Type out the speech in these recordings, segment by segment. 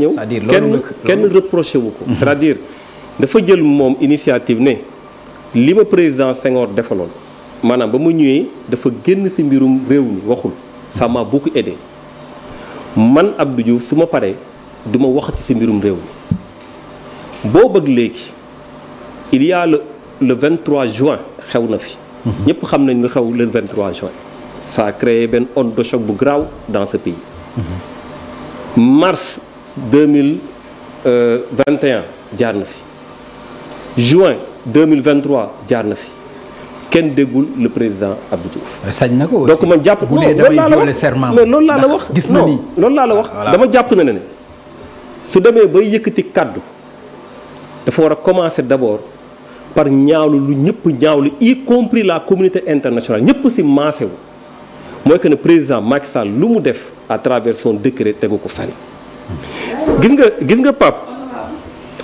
ñëw kenn kenn reproché wu ko cest dire dafa jël moom initiative ne li ma président Senghor defaloon maanaam ba ma ñëwee dafa génn ci mbirum réew mi waxul ça m'a beaucoup man Abdou Diouf su suma pare du ma waxati ci mbirum réew mi boo léegi il y le le 23 juin xew na fi mhm. ñëpp xam nañ lu xew le 23 juin ça a benn onde de choc bu grave dans ce pays mhm. 2021 euh, jaar na fi juin 2023 jaar na fi kenn déggul le président Abdou Diouf. Euh, sañ na ko aussi donc man jàpp loolu laa la wax mais loolu laa la wax gis na ni loolu laa wax dama jàpp na ne ne su demee bay yëkkati kàddu dafa war a commencer d'abord par ñaawlu lu ñëpp ñaawlu y compris la communauté internationale ñëpp si maase wu mooy que ne président Macky lu mu def à travers son décret tegu ko fenn gis nga gis nga Pape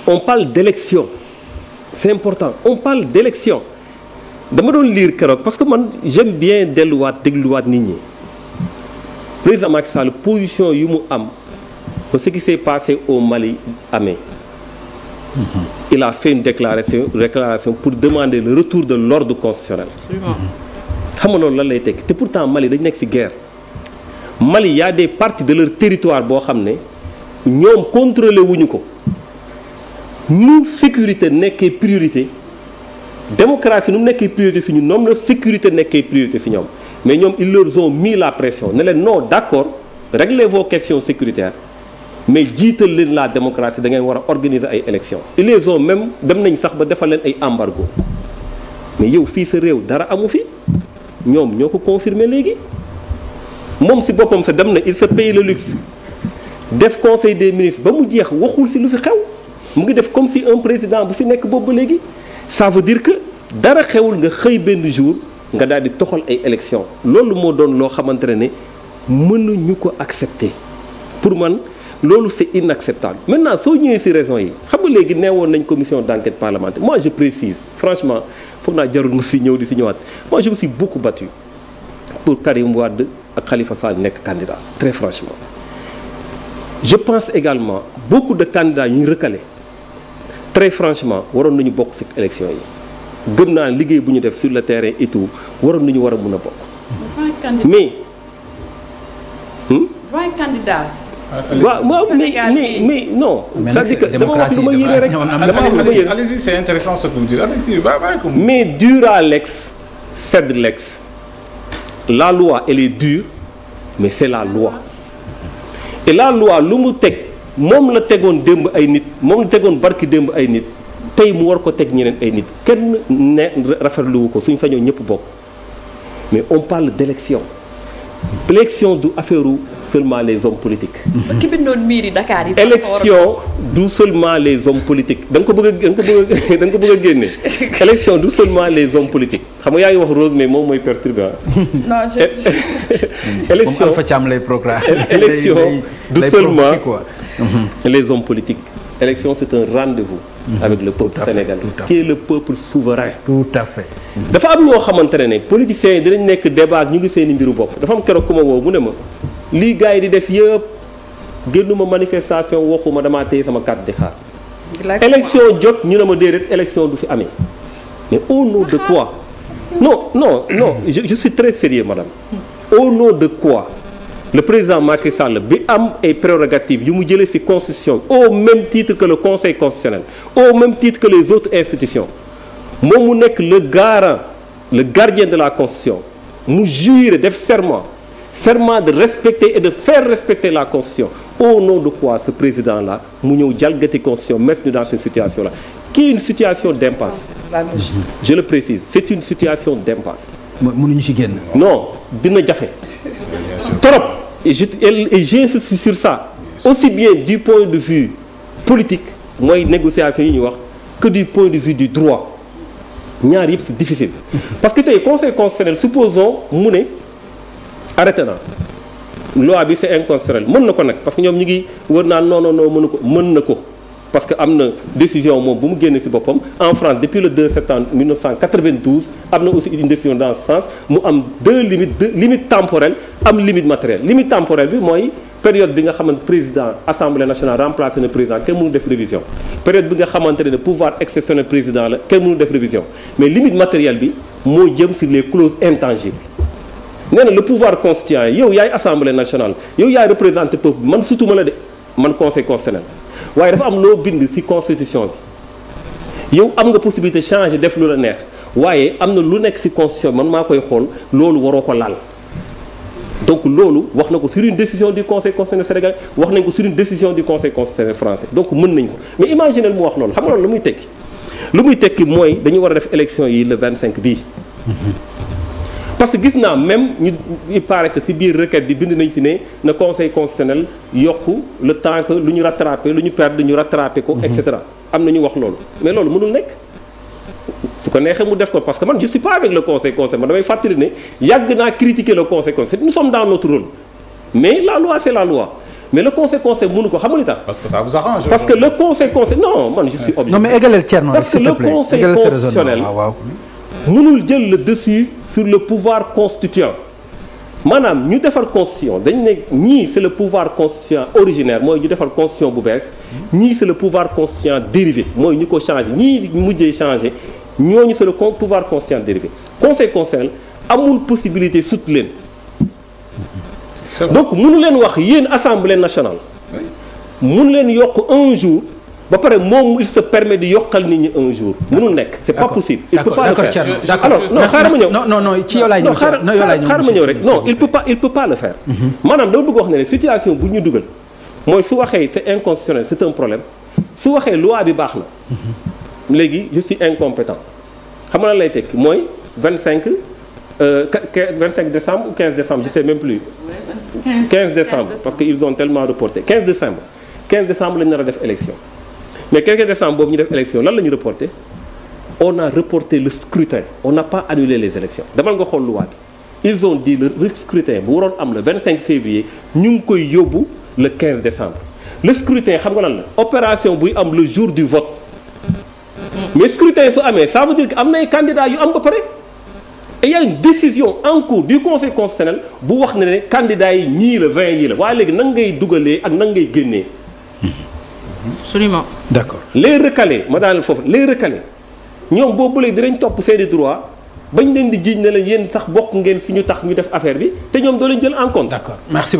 on parle d'élection c'est important on parle d'élection dama doon liir keroog parce que man j'aime bien delluwaat dégluwaat nit ñi président Macky Sall position yu mu am ba ce qui s'est passé au Mali amee mm-hmm. il a fait une déclaration déclaration pour demander le retour de l'ordre constitutionnel mm-hmm. xam nga loolu lan lay tekki te pourtant Mali dañ nekk ci guerre Mali y a des parties de leur territoire boo xam ne ñoom contrôlé wuñu ko nu sécurité nekkee priorité démocratie nu mu nekkee priorité si ñu noom la sécurité nekkee priorité si ñoom mais ñoom ils leur ont mis la pression ne leen non d'accord réglez vos questions sécuritaires mais jiital leen la démocratie da ngeen war a organiser ay élections ils les ont même dem nañ sax ba defal leen ay embargo mais yow fii sa réew dara amu fi ñoom ñoo ko confirmer léegi moom si boppam sa dem na il sa paye le luxe def conseil des ministres ba mu jeex waxul si lu fi xew mu ngi def comme si un président bu fi nekk boobu ba léegi ça veut que dara xewul nga xëy benn jour nga daal di toxal ay élections loolu moo doon loo xamante ne mënuñu ko accepter pour man loolu c'est inacceptable maintenant soo ñëwee ci raison yi xam nga léegi neewoon nañ commission d'enquête parlementaire moi je précise franchement foog naa jarul mu ci ñëw di si ñëwaat moi je me suis beaucoup battu pour Karim Wade ak Khalifa Sall nekk candidat très franchement je pense également beaucoup de candidats yu ñu recalé très franchement waroon nañu bokk ci élection yi gëm naa liggéey bu ñu def sur le terrain et tout waroon nañu war a mun a bokk. mais. vingt candidats. mais hmm? non. cest à que dama wax lu ma yéene rek dama wax lu ma yéene allez-y mais dura lex sed lex la loi elle est dure mais c'est la loi. te la lu mu teg moom la tegoon démb ay nit moom la tegoon barki démb ay nit tey mu war ko teg ñeneen ay nit kenn ne rafetluwu ko suñu sañoo ñëpp bokk mais on parle d'élection élection du affaire seulement les hommes politiques. ki bindoon miiri Dakar yi. élection du seulement les hommes politiques da nga ko bëgg a da nga ko bëgg a da nga du seulement les hommes politiques. xam nga yaa ngi wax rose mais moom mooy perturbé non élection Alpha Thiam lay programme élection du seulement les hommes politiques élection c'est un rendez-vous mm-hmm. avec le peuple sénégalais qui est peuple souverain mm-hmm. dafa am ñoo xamante ne politiciens yi dinañ nekk débat ñu ngi seeni mbiru bopp dafa am keroog ku ma woo mu ne ma lii gars yi di def yëpp ma manifestation waxuma damaa téye sama carte di xaar élection jot ñu ne ma déedéet élection du fi amee mais au nom de quoi non non non je, suis très sérieux madame au nom de quoi le président Macky Sall bi am ay prérogatives yu mu jëlee ci constitution au même titre que le conseil constitutionnel au même titre que les autres institutions moom mu nekk le garant le gardien de la constitution mu jure def serment serment de respecter de faire respecter la constitution au nom de quoi ce président là mu ñëw jalgati constitution mettre ñu dans cette situation là qui est une situation d'impasse je le précise c'est une situation d'impasse ñu ci génn non dina jafe trop et j'insiste sur ça aussi bien du point de vue politique mooy négociation yi ñuy wax que du point de vue du droit ñaar yëpp c'est difficile parce que tey conseil constitutionnel supposons mu ne arrêté na loi bi c'est inconstitutionnel mën na ko nag parce que ñoom ñu ngi wër naan non non mënu ko mën na ko parce que am na décision moom bu mu génne si boppam en France depuis le 2 septembre 1992 am na aussi une décision dans ce sens mu am deux limites deux limites temporelles am limite matérielle limite temporelle bi mooy période bi nga xamante président assemblée nationale remplacé na président kenn mënu def révision période bi nga xamante ne pouvoir exceptionnel président la kenn mënu def révision mais limite matérielle bi moo jëm sur les clauses intangibles nee na le pouvoir yow yaay assemblée nationale yow yaay représenté peuple man surtout ma la de man conseil waaye dafa am loo bind ci constitution bi yow am nga possibilité change def lu la neex waaye am na lu nekk ci constitution bi man maa koy xool loolu waroo ko laal donc loolu wax na ko sur une décision du conseil constitutionnel sénégalais wax nañ ko sur une décision du conseil constitutionnel français donc mën nañ ko mais imaginez mu wax loolu xam nga lu muy tekki lu muy tekki mooy dañu war a def élection yi le cinq bii. parce que gis naa même ñu il paraît que ci biir requête bi bind nañ ci ne na conseil constitutionnel yokk le temps que lu ñu rattrapé lu ñu perdre ñu rattrapé ko. et mhm. cetera am na ñu wax loolu. mais loolu mënul nekk su ko neexee mu def ko parce que man je suis pas avec le conseil constitutionnel man damay fàttali ne yàgg naa critiquer le conseil constitutionnel nous sommes dans notre rôle mais la loi c'est la loi. mais le conseil conseil mënu ko xam nga tax. parce que ça que le conseil conseil non man sur le pouvoir constituant maanaam ñu defar constitution dañ ne ñii c'est le pouvoir constituant originaire mooy ñu defar constitution bu bees ñii c'est le pouvoir constituant dérivé mooy ñu ko changé ñii mujjee changé ñooñu c'est le pouvoir constituant dérivé conseil constitutionnel amul possibilité sut leen donc munu leen wax yéen assemblée nationale mënu leen yokk un jour ba pare moom il se permet di yokkal nit ñi un jour. mënul nekk c' est pas possible. il peut pas le faire alors non xaaral ma ñëw. non non non xaaral ma ñëw rek non il peut pas il peut pas mhm. maanaam dama bëgg wax ne ne situation bu ñu dugal mooy su waxee c' est inconstitutionnel un problème su waxee loi bi baax na mhm. léegi je suis incompétent xam nga lan lay tekki mooy 25 25 euh, décembre ou 15 décembre je sais même plus. 15 décembre parce que ils ont tellement reporté 15 décembre décembre lañu nar a def élection. mais 15 décembre boobu ñu def élection lan la ñu reporté on a reporté le scrutin on n'a pas annulé les élections demal nga xool loi bi ils ont dit le scrutin bu waroon am le 25 février ñu ngi koy yóbbu le 15 décembre le scrutin xam nga lan la opération buy am le jour du vote mais scrutin su amee ça veut dire am nay candidats yu am ba pare et y a une décision en cours du conseil constitutionnel bu wax ne ne candidats yi ñii la 20 yi la waaye léegi nan ngay dugalee ak nan ngay génnee absolument d'accord les recalés ma daaneel foofu les recalés ñoom boobu léegi dinañ topp seeni droit bañ leen di jiiñ ne la yéen sax bokk ngeen fi ñu tax ñu def affaire bi te ñoom doo leen jël en compte. d'accord merci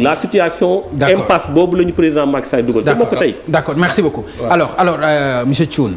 la situation. d'accord impasse boobu la ñu président Macky Sall dugal. d'accord te moo ko tey. d'accord merci beaucoup. alors alors euh, monsieur Thioune.